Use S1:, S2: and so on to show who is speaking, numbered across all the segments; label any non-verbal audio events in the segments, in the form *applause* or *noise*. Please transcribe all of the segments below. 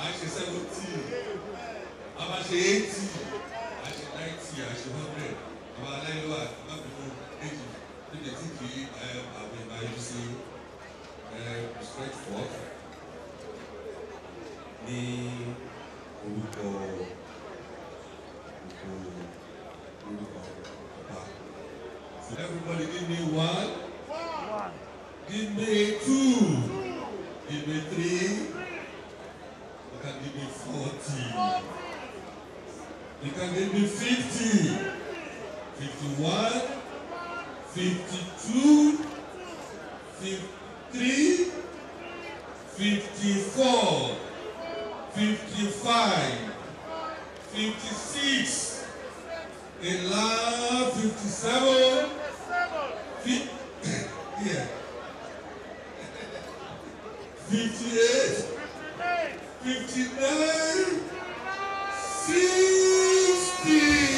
S1: à ń ṣe seventy a máa ṣe eighty à ń ṣe ninety à ń ṣe hundred àwọn aláìlọ́wà má bínú méjì níbi tí kì í àwọn ìbáyọ̀ sí respect for ní orúkọ orúkọ orúkọ ọba. Everybody give me one, give me two, give me three. 40. You can give me 50. 51. 52. 53. 54. 55. 56. In love, 57. *coughs* yeah. *coughs* 58. 58. 59, 60.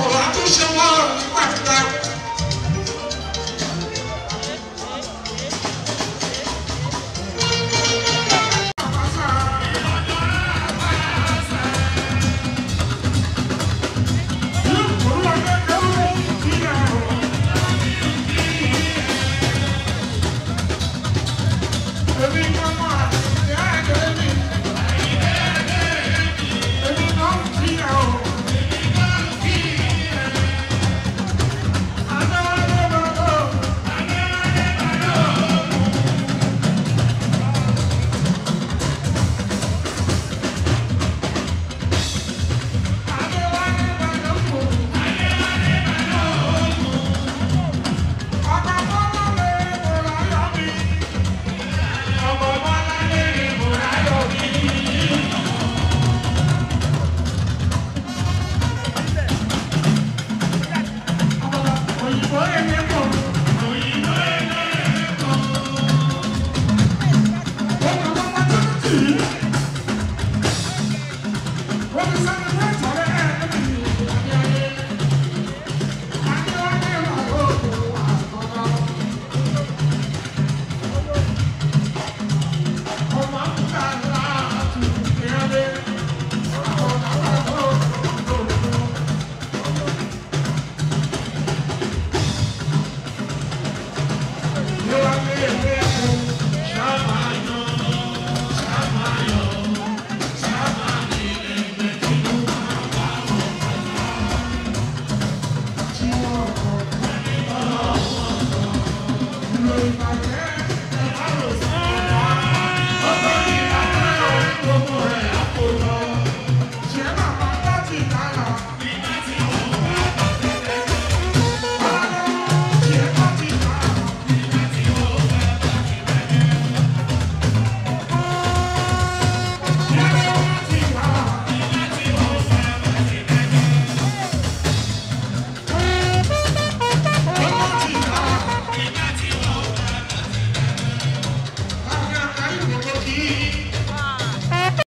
S1: Vamos lá